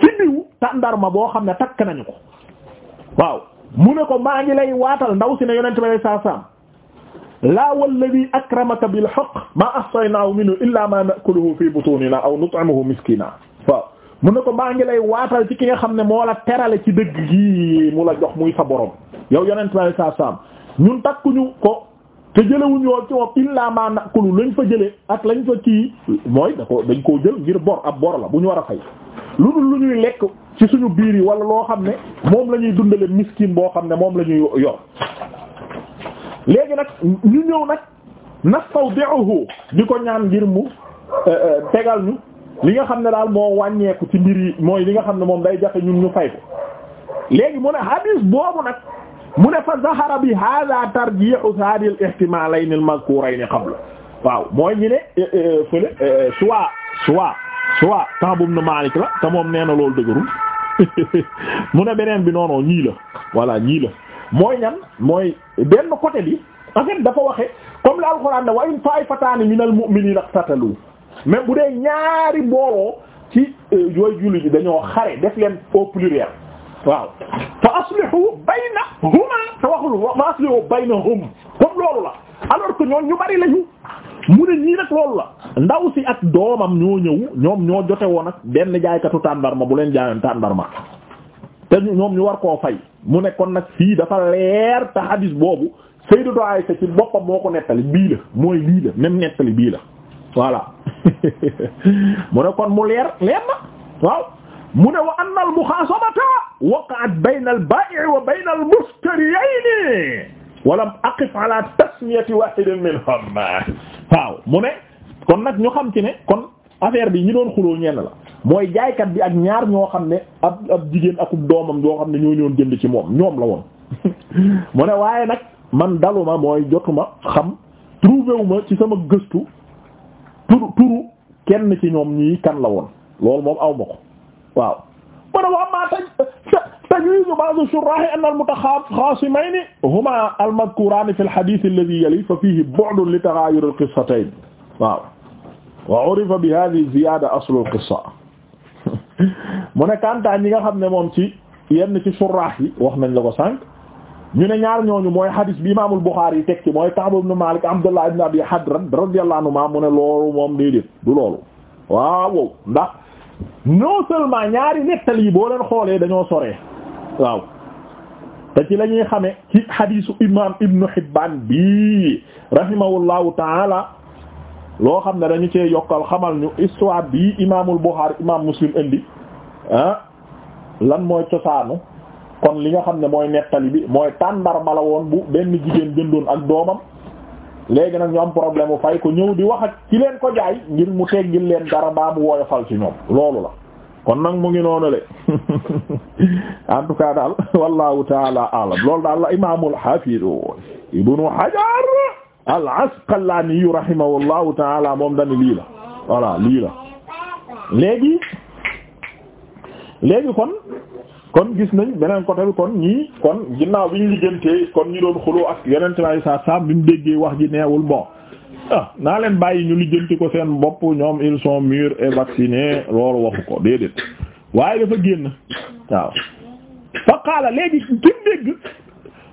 A: ci diw tàndarma boo xam ne takk nañu ko waaw mu ne ko maa ngi lay waatal ndaw si ne yonent bi saa saam laa walladhi akramaka bil haqq ma ahsaynaahu minhu illaa ma na'kuluhu fi butunina aw nut'imuhu miskina waaw mu ne ko maa ngi lay waatal ci ki nga xam ne moo la terale ci dëgg gi mu la jox muy sa borom yow yonent bi saa saam ñun takkuñu ko te jëlewuñu woon ci moom illaa ma na'kulu lañ fa jële ak lañ fa kii mooy da ko dañ koo jël ngir bor ab bor la bu ñu war a fay lu dul lu ñuy lekk ci suñu biir yi wala loo xam ne moom la ñuy dundale miskin boo xam ne moom la ñuy yor léegi nag ñu ñëw nag nastawdi'uhu di ko ñaan ngir mu euh, euh, tegal ñu li nga xam ne daal moo wàññeeku ci mbir yi mooy li nga xam ne moom day jafe ñun ñu fay ko léegi mu ne hadis boobu nag mu ne fa zahara bi hadha tarjihu hadi al ihtimalayn al mazkurayn qabla waaw mooy ñu ne euh, fële soit soit soit Ka'b na Malik la te moom nee na loolu dëgërul mu ne beneen bi noonu ñii la voilà ñii la mooy ñan mooy benn côté bi en fait dafa waxe comme la alxuraan ne wa in taa'ifataani minal mu'miniina iqtatalu mais bu dee ñaari mbooloo ci euh, yooyu julli bi dañoo xare def leen au pluriel waaw fa aslihu baynahuma te waxul fa aslihu baynahum comme loolu la alors que ñoon ñu bari lañu mu ne ñii nag loolu la ndaw si ak doomam ñoo ñëw ñoom ñoo jote woon nag benn jaaykatu tàndarma bu leen jaayoon tàndarma te ñoom ñu war koo fay mu ne kon nag fii dafa leer te hadis boobu Sayyidatu Aisha ci boppam moo ko nettali bii la mooy lii la même nettali bii la voilà mu ne kon mu leer leer na waaw mu ne wa anna al muxaasamata waqa'at bayna al baa'i wa bayna al mushtariyayn walam aqif ala tasmiyati wahidin minhum waaw mu ne kon nag ñu xam ci ne kon affaire bi ñi doon xuloo ñenn la mooy jaaykat bi ak ñaar ñoo xam ne ab ab jigéen akub doomam joo xam ne ñoo ñoon jënd ci moom ñoom la woon mu ne waaye nag man daluma mooy jotuma xam trouvé ci sama gëstu turu turu kenn ci ñoom ñii kan la woon loolu moom aw ma ko waaw. ma ne waa maa tajwiizu ba'du shurraahi anna al-mutaxaasimayni humaa al-mazkuuraani fi al-hadiis allazii yalii fa fiihi bu'dun li taghaayuri al-qissatayn waaw wa urifa bi haadhihi ziyaada aslu al-qissa mu ne kantaan ñi nga xam ne moom ci yenn ci shurraax yi wax nañ la ko sànq ñu ne ñaar ñooñu mooy hadis bi imaamul Buxaari yi teg ci mooy Ka'b ibn Maalik Abdullah ibn Abi Hadrad radiyallahu anhumaa mu ne loolu moom déedéet du loolu waaw ndax non seulement ñaari nettali yi boo leen xoolee dañoo soree waaw te ci lañuy ñuy xamee ci hadisu imam ibnu Hibbaan bi rahimahullahu taala loo xam ne dañu cee yokkal xamal ñu histoire bi imaamul Buxaari imam Muslim indi ah lan mooy cosaanu kon li nga xam ne mooy nettali bi mooy tàndar bala woon bu benn jigéen jëndoon ak doomam léegi nag ñu am problème bu fay ko ñëw di wax ak ci leen ko jaay ngir mu teggil leen dara baa mu woyofal ci ñoom loolu la kon nag mu ngi noonu le en tout cas daal wallahu taala alam loolu daal la imaamul hafidu ibnu hajar al asqalani rahimahullahu taala moom dani lii la voilà lii la léegi léegi kon kon gis nañ beneen côté bi kon ñii kon ginnaaw bi ñu liggéentee kon ñu doon xuloo ak yeneen tamit saa saam bi mu déggee wax ji neewul bon ah naa leen bàyyi ñu lijjanti ko seen bopp ñoom ils sont mûrs et vaccinés loolu waxu ko déedéet waaye dafa génn waaw fa qaala léegi kim dégg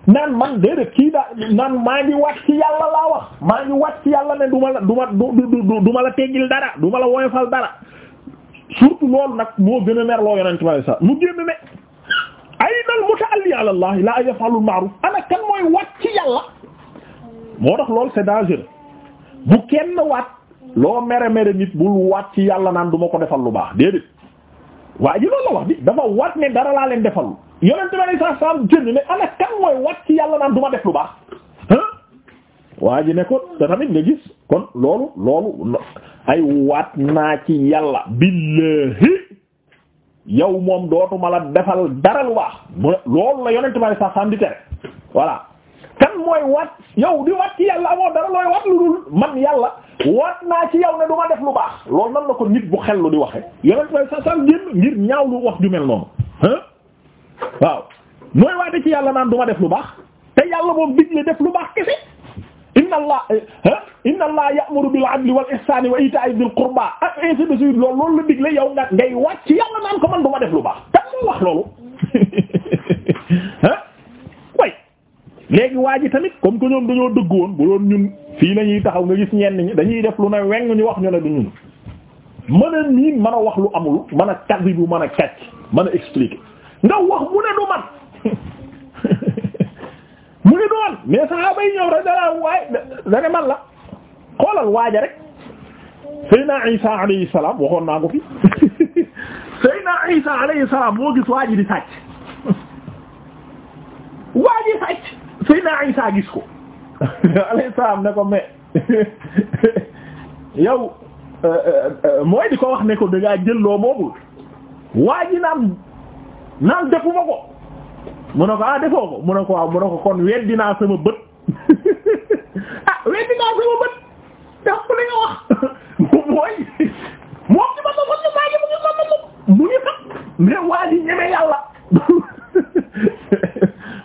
A: naan man déedéet kii daa naan maa ngi wat ci yàlla laa wax maa ngi wat ci yàlla ne du ma la ma du du la teggil dara duma ma la woyofal dara surtout loolu nag moo gën a mer loo sax mu génn ne ayna al muta'alli ala allah la yaf'alu al ma'ruf ana kan mooy wat ci yàlla moo tax loolu c'est dangereux bu kenn waat loo mere mere nit bul waat ci yàlla naan duma ko defal lu baax déedéet waa ji loolu la wax di dafa waat ne dara laa leen defal yonent bi saa saa am jënd ne ana kan mooy waat ci yàlla naan du ma def lu baax waa ji ne ko tamit nga gis kon loolu loolu ay waat naa ci yàlla billahi yow moom dootuma la defal dara lu baax loolu la yonent bi saa saa di tere voilà kan mooy wat yow di wat ci yàlla amoo dara looy wat lu dul man yàlla wat naa ci yow ne du ma def lu baax loolu nan la ko nit bu xellu di waxe yonent may sa sa génn ngir ñaaw lu wax ju mel noonu waaw nooy waate ci yàlla naan du def lu baax te yàlla moom digle def lu baax kese inna allah eh, inna allah ya'muru bil adli wal ihsani wa ita'i dil qurba ak ainsi de suite loolu loolu la digle yow nga ngay ci yàlla naan ko man du ma def lu baax kan léegi waa ji tamit comme que ñoom dañoo dëgg woon bu doon ñun fii la ñuy taxaw nga gis ñenn ñi dañuy def lu ne weng ñu wax ñu ne du ñun mën a miin mën a wax lu amul mën a kaddi bu mën a kàcc mën a expliquer nga wax mu ne du man mu ne du man mais saxaaba ñëw rek dara waay da man la xoolal waaja rek Seyna Isa alayhi salaam waxoon naa ko fi Seyna Isa alayhi salaam moo gis waa ji di sàcc waa ji sàcc Seydina Isa gis ko alayhi salaam ne ko mais yow euh, euh, euh, mooy di ko wax ne ko dangaa jël loo moomul waa ji naan naan defuma ko mu ne ko ah defoo ko mu ne ko waaw mu ne ko kon weddi sama bët ah weddi sama bët tax li nga wax mooy moom ci ma ko ñu bàyyi mu ngi mën mu ngi sax mais waa ji ñeme yàlla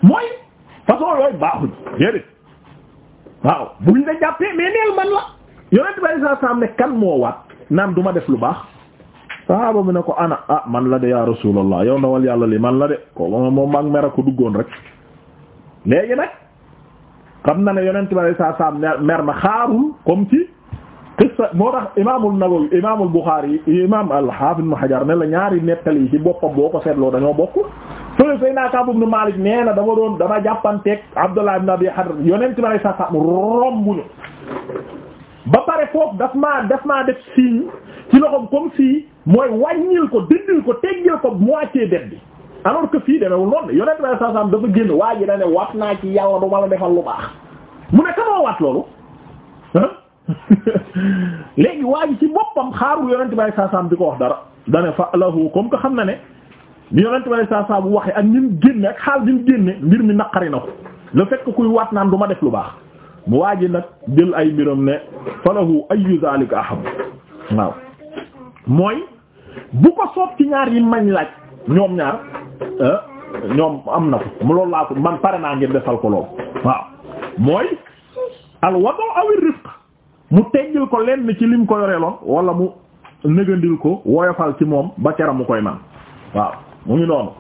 A: mooy. façon yooyu baaxuñ déedéet waaw buñ la jàppee mais neel man la yonent bay saa ne kan moo waat naan du def lu baax sahaaba bi ne ko ana ah man la de ya rasulallah yow ndawal yàlla li man la de ko moom mag mer a ko duggoon rek léegi nag xam na ne yonent bay saa mer na xaarul comme ci qissa moo tax imaamul Nawawi imaamul Buxaari imaam al-Haafiz Ibn Hajar ne la ñaari nettali yi ci boppam boo ko seetloo dañoo bokk fële Seydina Kaab ibn Maalik nee na dama doon dama jàppanteeg Abdullah ibn Abi Hadr yonent ma lay sa sa rombuñu ba pare foofu daf maa daf maa def signe ci loxoom comme si mooy wàññil ko dindil ko teggil ko moitié dette bi alors que fii demewul noonu yonent ma lay sa dafa génn waa ji na ne waat naa ci yàlla du defal lu baax mu ne ka léegi waa ji ci boppam xaarul yonent saa saam di ko wax dara dane fa lahu comme que xam na ne bi yonent saa saam bu waxee ak ñi mu génne ak xaal bi mu génne mbir mi naqari na ko le fait que kuy waat naan du ma def lu baax mu waa nag jël ay mbiram ne fa lahu ayu zalika ahab waaw mooy bu ko ñaar yi mañ laaj ñoom ñaar eh, ñoom am na mu loolu laa ko pare naa ngir defal ko rifq mu teggil ko lenn ci lim ko loon wala mu négandil ko woyofal ci moom ba keram mu koy man waaw mu ngi noonu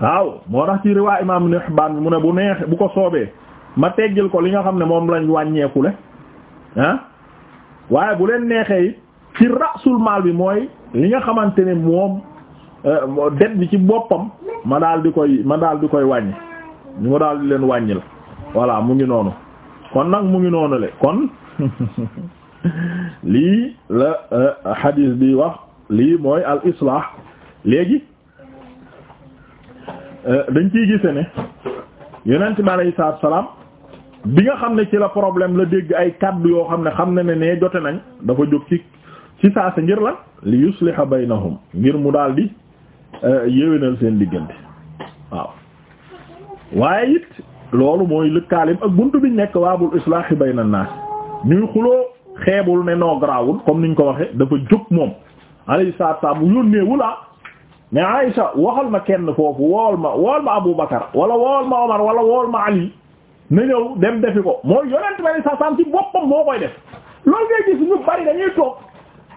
A: waaw moo tax ci riwaa imam Ibn Hibbaan bi mu ne bu neexee bu ko soobee ma teggil ko li nga xam ne moom lañ wàññeekule ah waaye bu leen neexee it ci rasul maal bi mooy li nga xamante ne moom euh, det bi ci boppam ma daal di koy ma daal di koy wàññi ñu ma daal di leen wàññi la voilà mu ngi noonu kon nag mu ngi noonu le kon lii la hadis euh, bi wax lii mooy al islah léegi euh, dañ ciy gise ne yonent bi alayhi salaatu salaam bi nga xam ne ci la problème la dégg ay kaddu yoo xam ne xam na ne nee jote nañ dafa jóg ci ci saasa ngir la li yusliha baynahum ngir mu daal di euh, yéwénal seen diggante waaw waaye it loolu mooy lëkkaalim ak bi ñu nekk waabul islaahi bayna naas ñuy xuloo xeebul ne noo garaawul comme niñ ko waxee dafa jóg moom alayhi salaatu wa salaam yónnee wula mais Aïcha waxal ma kenn foofu wool ma wool ma Abu Bakar wala wool ma Omar wala wool ma Ali na ñëw dem defi ko mooy yonent ba ne sasam ci boppam moo koy def loolu ngay gis ñu bari dañuy toog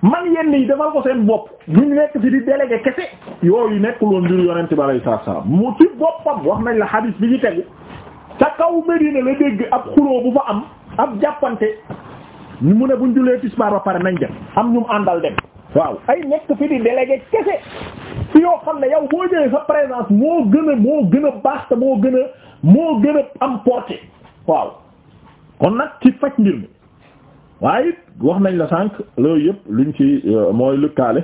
A: man yenn yi defal ko seen bopp ñu nekk ci di délégué kese yooyu nekkul woon mbiru yonent ba lay mu ci boppam wax nañ la hadith bi ñu tegu ca kaw Medina la dégg ab xuloo bu fa am ab jàppante ñu mu ne buñ julee tisbaar ba pare nañ dem am ñu àndal dem waaw ay nekk fi di délégué kese fi yoo xam ne yow boo ñëwee sa présence moo gën a moo gën a baax moo gën a moo gën a am portée waaw kon nag ci faj mbir mi waaye it wax nañ la sànq loolu yëpp luñ ci euh, mooy lëkkaale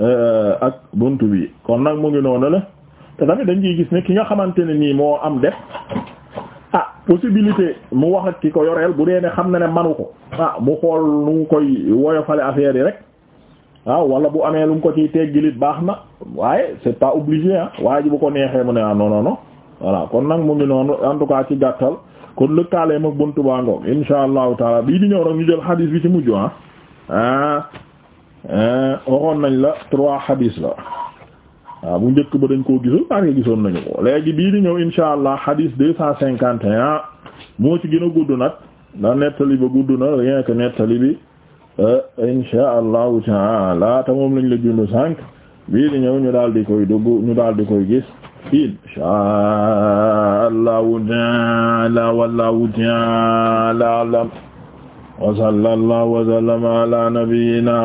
A: euh, ak bunt bi kon nag mu ngi noonu la te tamit dañ ciy gis ne ki nga xamante ne nii moo am def ah possibilité mu wax ak ki ko yoreel bu dee ne xam na ne manu ko ah mu xool nu mu koy woyofale affaire yi rek waaw wala bu amee lu mu ko ciy teggilit baax na waaye c'est pas obligé ah waa ji bu ko neexee mu ne ah non non kon nag mu ngi noonu en tout cas ci gàttal kon lëkkaalee mag buntu baa ngoog insha allahu taala bii di ñëw rek ñu jël xadiis bi ci mujj ah, ah, ah waxoon nañ la trois xadiis la waaw bu njëkk ba dañ koo gisul parce gisoon nañu ko léegi bii di ñëw insha allah hadith deux cent moo ci gën gudd nag da nettali ba gudd na rien nettali bi euh, insha taala te moom lañ la jundu cinq bii ñëw ñu daal di koy dugg ñu daal di koy gis insha allahu taala wallahu taala alam wa sallallahu wa sallama ala nabiyyina